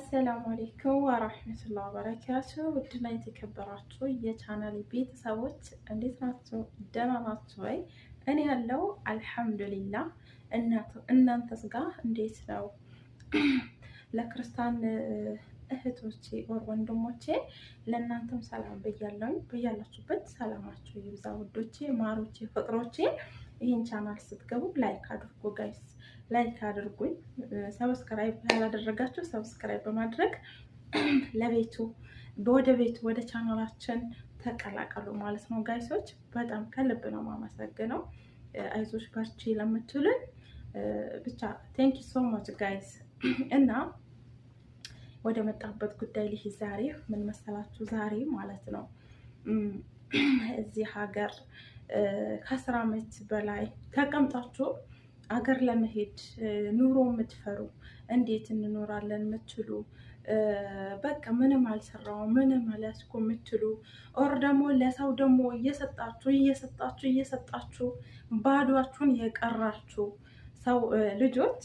አሰላሙ አሌይኩም ወራህመቱላ ወበረካቱ። ውድና የተከበራችሁ የቻናል ቤተሰቦች እንዴት ናችሁ? ደህና ናችሁ ወይ? እኔ ያለው አልሐምዱሊላ። እናንተስ ጋር እንዴት ነው? ለክርስቲያን እህቶቼ ወር ወንድሞቼ ለእናንተም ሰላም ብያለሁኝ። ብያላችሁበት ሰላማችሁ ይብዛ ውዶቼ፣ ማሮቼ፣ ፍቅሮቼ። ይህን ቻናል ስትገቡ ላይክ አድርጎ ጋይስ ላይክ አድርጉኝ። ሰብስክራይብ ያላደረጋችሁ ሰብስክራይብ በማድረግ ለቤቱ ወደ ቤቱ ወደ ቻናላችን ተቀላቀሉ ማለት ነው ጋይሶች። በጣም ከልብ ነው ማመሰግነው። አይዞች በርቺ ለምትሉኝ ብቻ ቴንክ ዩ ሶ ማች ጋይስ እና ወደ መጣበት ጉዳይ ልሂድ። ዛሬ ምን መሰላችሁ? ዛሬ ማለት ነው እዚህ ሀገር ከአስር አመት በላይ ተቀምጣችሁ አገር ለመሄድ ኑሮ የምትፈሩ እንዴት እንኖራለን የምትሉ በቃ ምንም አልሰራው ምንም አልያዝኩ የምትሉ ኦር ደግሞ ለሰው ደግሞ እየሰጣችሁ እየሰጣችሁ እየሰጣችሁ ባዷችሁን የቀራችሁ ሰው ልጆች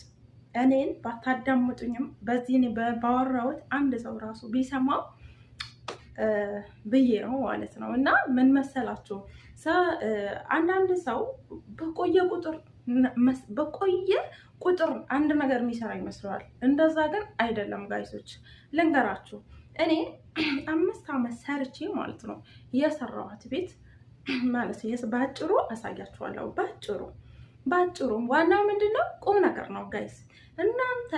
እኔን ባታዳምጡኝም በዚህ ባወራሁት አንድ ሰው ራሱ ቢሰማው ብዬ ነው ማለት ነው። እና ምን መሰላችሁ አንዳንድ ሰው በቆየ ቁጥር በቆየ ቁጥር አንድ ነገር የሚሰራ ይመስለዋል። እንደዛ ግን አይደለም። ጋይሶች ልንገራችሁ፣ እኔ አምስት ዓመት ሰርቼ ማለት ነው የሰራኋት ቤት ማለት በአጭሩ አሳያችኋለሁ። በአጭሩ በአጭሩ ዋናው ምንድን ነው? ቁም ነገር ነው ጋይስ። እናንተ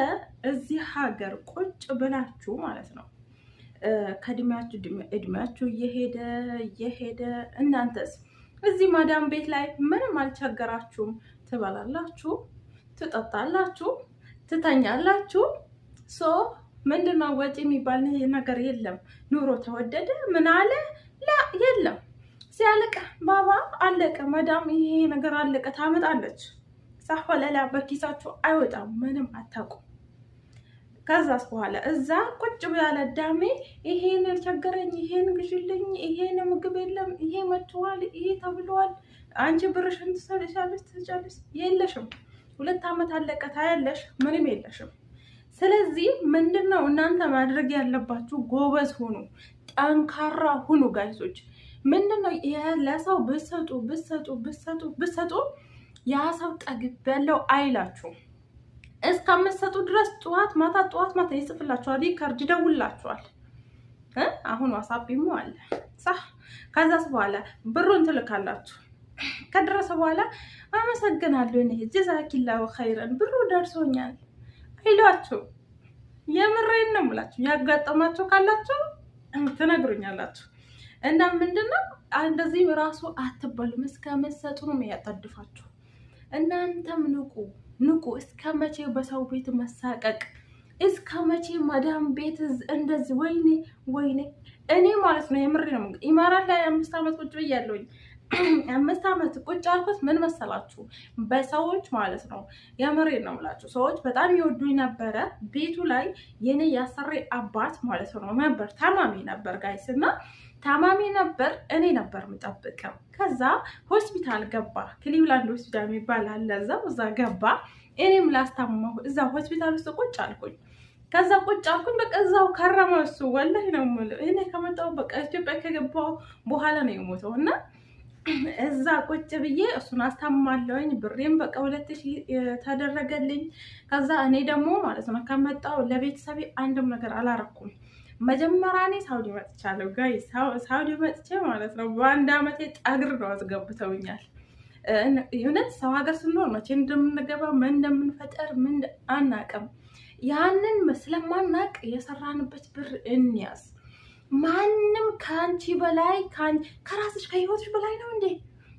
እዚህ ሀገር ቁጭ ብላችሁ ማለት ነው ከእድሜያችሁ እድሜያችሁ እየሄደ እየሄደ እናንተስ እዚህ ማዳም ቤት ላይ ምንም አልቸገራችሁም። ትበላላችሁ፣ ትጠጣላችሁ፣ ትተኛላችሁ። ሶ ምንድነው ወጪ የሚባል ነገር የለም። ኑሮ ተወደደ ምን አለ ላ የለም። ሲያለቀ ባባ አለቀ። መዳም ይሄ ነገር አለቀ ታመጣለች። ሳሆለላ በኪሳችሁ አይወጣም። ምንም አታውቁም። ከዛስ በኋላ እዛ ቁጭ ብያለ ዳሜ ይሄን ቸገረኝ ይሄን ግዥልኝ፣ ይሄን ምግብ የለም፣ ይሄ መጥቷል፣ ይሄ ተብሏል፣ አንቺ ብርሽን ትሰልሻለሽ፣ ትጨርስ የለሽም። ሁለት ዓመት አለቀ፣ ታያለሽ፣ ምንም የለሽም። ስለዚህ ምንድን ነው እናንተ ማድረግ ያለባችሁ? ጎበዝ ሁኑ፣ ጠንካራ ሁኑ። ጋይሶች ምንድን ነው ለሰው ብሰጡ ብሰጡ ብሰጡ ብሰጡ ያ ሰው ጠግቤያለሁ አይላችሁ እስከምትሰጡ ድረስ ጠዋት ማታ ጠዋት ማታ ይጽፍላችኋል፣ ሪከርድ ይደውላችኋል። አሁን ዋሳፕ ይሞ አለ ሳ ከዛስ በኋላ ብሩን ትልካላችሁ። ከደረሰ በኋላ አመሰግናለሁ እኔ ጀዛኪላሁ ኸይረን ብሩ ደርሶኛል አይሏችሁ። የምሬን ነው የምላችሁ። ያጋጠማችሁ ካላችሁ ትነግሩኛላችሁ። እና ምንድነው እንደዚህ ራሱ አትበሉም። እስከምትሰጡ ነው የሚያጠድፋችሁ። እናንተም ንቁ። ንቁ። እስከ መቼ በሰው ቤት መሳቀቅ? እስከ መቼ ማዳም ቤት እንደዚህ? ወይኔ ወይኔ! እኔ ማለት ነው የምሬ ነው። ኢማራት ላይ አምስት ዓመት ቁጭ ብያለሁኝ። አምስት ዓመት ቁጭ አልኩት። ምን መሰላችሁ? በሰዎች ማለት ነው። የምሬን ነው የምላችሁ። ሰዎች በጣም ይወዱኝ ነበረ። ቤቱ ላይ የኔ ያሰሬ አባት ማለት ነው ነበር። ታማሚ ነበር ጋይስ እና ታማሚ ነበር። እኔ ነበር የምጠብቀው። ከዛ ሆስፒታል ገባ። ክሊቭላንድ ሆስፒታል የሚባል አለ። እዛው እዛ ገባ። እኔም ላስታመሁ እዛ ሆስፒታል ውስጥ ቁጭ አልኩኝ። ከዛ ቁጭ አልኩኝ። በቃ እዛው ከረመ እሱ። ወላሂ ነው የምልህ እኔ ከመጣሁ በቃ ኢትዮጵያ ከገባሁ በኋላ ነው የሞተው እና እዛ ቁጭ ብዬ እሱን አስታማለውኝ ብሬም በቃ ሁለት ሺ ተደረገልኝ። ከዛ እኔ ደግሞ ማለት ነው ከመጣው ለቤተሰቤ አንድም ነገር አላረኩም። መጀመሪያ እኔ ሳውዲ መጥቻለሁ። ጋይ ሳውዲ መጥቼ ማለት ነው በአንድ አመቴ ጠግር ነው አስገብተውኛል። እውነት ሰው ሀገር ስንኖር መቼ እንደምንገባ ምን እንደምንፈጠር ምን አናቅም። ያንን ስለማናቅ የሰራንበት ብር እንያዝ ማንም ከአንቺ በላይ ከራስሽ ከህይወትሽ በላይ ነው እንዴ?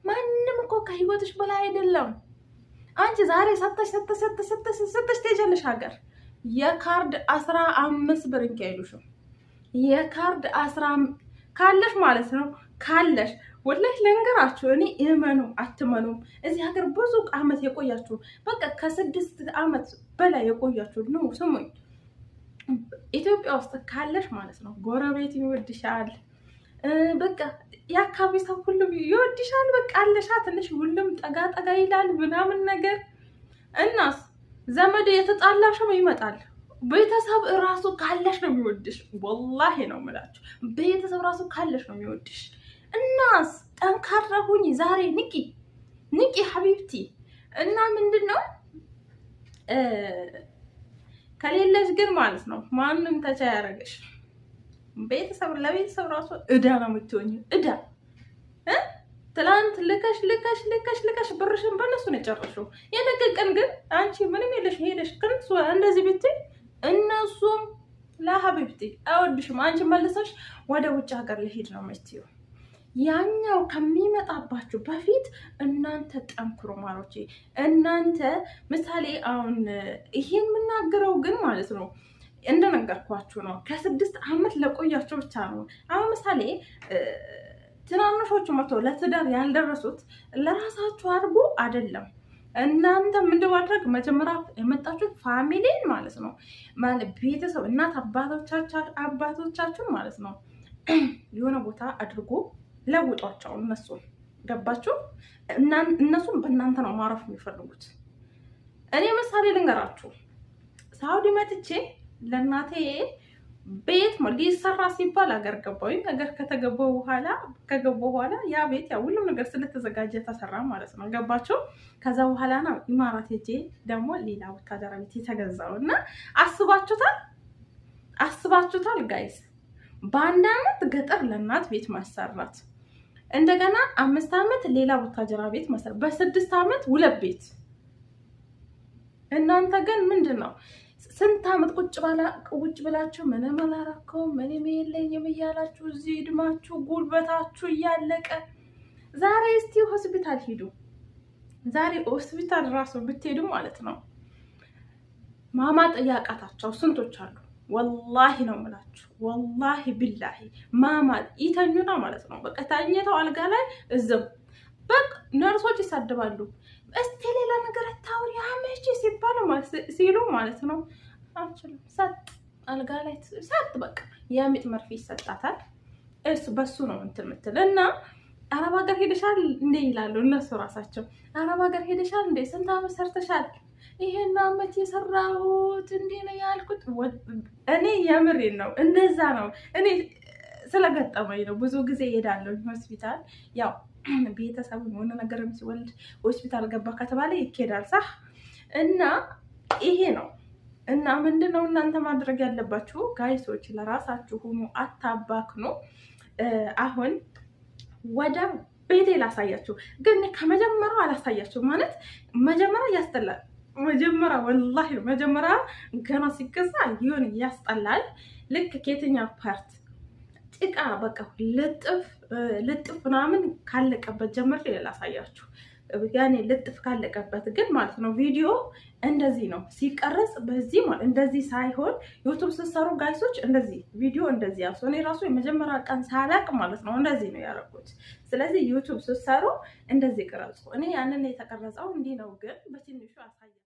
ማንም እኮ ከህይወትሽ በላይ አይደለም። አንቺ ዛሬ ሰተሽ ሰተሽ ሰተሽ ሰተሽ ሰተሽ ትሄጃለሽ ሀገር የካርድ አስራ አምስት ብር እንኪ አይሉሽም። የካርድ አስራ ካለሽ ማለት ነው ካለሽ ወላሽ ልንገራችሁ፣ እኔ እመኑ አትመኑም፣ እዚህ ሀገር ብዙ ዓመት የቆያችሁ በቃ ከስድስት ዓመት በላይ የቆያችሁ ነው ስሙኝ ኢትዮጵያ ውስጥ ካለሽ ማለት ነው ጎረቤት ይወድሻል። በቃ የአካባቢ ሰው ሁሉም ይወድሻል። በቃ አለሻ ትንሽ ሁሉም ጠጋ ጠጋ ይላል ምናምን ነገር እናስ ዘመድ የተጣላሽም ይመጣል። ቤተሰብ ራሱ ካለሽ ነው የሚወድሽ። ወላሂ ነው የምላችሁ፣ ቤተሰብ ራሱ ካለሽ ነው የሚወድሽ። እናስ ጠንካራ ሁኚ። ዛሬ ንቂ ንቂ ሀቢብቲ እና ምንድን ነው ከሌለሽ ግን ማለት ነው ማንም ተቻ ያደረገሽ ቤተሰብ ለቤተሰብ ራሱ እዳ ነው የምትሆኝ። እዳ ትላንት ልከሽ ልከሽ ልከሽ ልከሽ ብርሽን በነሱ ነው የጨረሽው። የነገ ቀን ግን አንቺ ምንም የለሽ ሄደሽ ግን እንደዚህ ብትይ እነሱም ለሀቢብቲ አይወድሽም። አንቺ መልሰሽ ወደ ውጭ ሀገር ልሄድ ነው መችትየው ያኛው ከሚመጣባችሁ በፊት እናንተ ጠንክሮ ማሮቼ፣ እናንተ ምሳሌ አሁን ይሄ የምናገረው ግን ማለት ነው እንደነገርኳችሁ ነው። ከስድስት ዓመት ለቆያቸው ብቻ ነው። አሁን ምሳሌ ትናንሾቹ መቶ ለትዳር ያልደረሱት ለራሳችሁ አድርጎ አይደለም። እናንተ ምንድን ማድረግ መጀመሪያ የመጣችሁት ፋሚሊን ማለት ነው ቤተሰብ እናት አባቶቻችሁን ማለት ነው የሆነ ቦታ አድርጎ ለውጧቸው እነሱን ገባችሁ? እነሱም በእናንተ ነው ማረፍ የሚፈልጉት። እኔ ምሳሌ ልንገራችሁ። ሳውዲ መጥቼ ለእናቴ ቤት ሊሰራ ሲባል ገባ ወይም ነገር ከተገባሁ በኋላ ከገባሁ በኋላ ያ ቤት ያ ሁሉም ነገር ስለተዘጋጀ ተሰራ ማለት ነው። ገባቸው። ከዛ በኋላ ነው ኢማራት ሄጄ ደግሞ ሌላ ወታደራዊ ቤት የተገዛው እና አስባችሁታል፣ አስባችሁታል ጋይስ በአንድ አመት ገጠር ለእናት ቤት ማሰራት እንደገና አምስት ዓመት ሌላ ቡታጀራ ቤት መሰረት በስድስት ዓመት ሁለት ቤት። እናንተ ግን ምንድን ነው ስንት ዓመት ቁጭ ባላ ቁጭ ብላችሁ ምንም አላረከውም ምንም የለኝም እያላችሁ እዚህ እድማችሁ ጉልበታችሁ እያለቀ ዛሬ እስቲ ሆስፒታል ሂዱ። ዛሬ ሆስፒታል ራሱ ብትሄዱ ማለት ነው ማማ ጠያቃታቸው ስንቶች አሉ። ወላሂ ነው የምላችሁ። ወላሂ ብላሂ ማማል ይተኙና ማለት ነው በቃ ታኝተው አልጋ ላይ እዝም በቃ ነርሶች ይሳድባሉ። እስቲ ሌላ ነገር አታውሪ አመቼ ሲባሉ ሲሉ ማለት ነው አልችልም። ሰጥ አልጋ ላይ ሰጥ በቃ የሚጥ መርፌ ይሰጣታል። እሱ በሱ ነው እንትን የምትል እና አረብ ሀገር ሄደሻል እንዴ ይላሉ እነሱ ራሳቸው። አረብ ሀገር ሄደሻል እንዴ? ስንት አመት ሰርተሻል? ይሄን አመት የሰራሁት እንዴ ነው ያልኩት። እኔ የምሬን ነው፣ እንደዛ ነው። እኔ ስለገጠመኝ ነው። ብዙ ጊዜ ሄዳለሁ ሆስፒታል። ያው ቤተሰብ የሆነ ነገርም ሲወልድ ሆስፒታል ገባ ከተባለ ይኬዳል ሳ እና ይሄ ነው እና ምንድን ነው እናንተ ማድረግ ያለባችሁ ጋይሶች፣ ለራሳችሁ ሁኑ፣ አታባክኑ። አሁን ወደ ቤቴ ላሳያችሁ። ግን ከመጀመሪያው አላሳያችሁ ማለት መጀመሪያ ያስጠላል። መጀመሪያ ወላሂ መጀመሪያ ገና ሲገዛ ይሁን ያስጠላል። ልክ ከየትኛው ፓርት ጭቃ በቃ ልጥፍ ልጥፍ ምናምን ካለቀበት ጀምሬ ላሳያችሁ። ያኔ ልጥፍ ካለቀበት ግን ማለት ነው ቪዲዮ እንደዚህ ነው ሲቀረጽ፣ በዚህ ማለት እንደዚህ ሳይሆን ዩቱብ ስትሰሩ ጋይሶች እንደዚህ ቪዲዮ እንደዚህ ያሱ እኔ ራሱ የመጀመሪያ ቀን ሳላቅ ማለት ነው እንደዚህ ነው ያደረኩት። ስለዚህ ዩቱብ ስትሰሩ እንደዚህ ቅረጹ። እኔ ያንን የተቀረጸው እንዲህ ነው፣ ግን በትንሹ አሳየ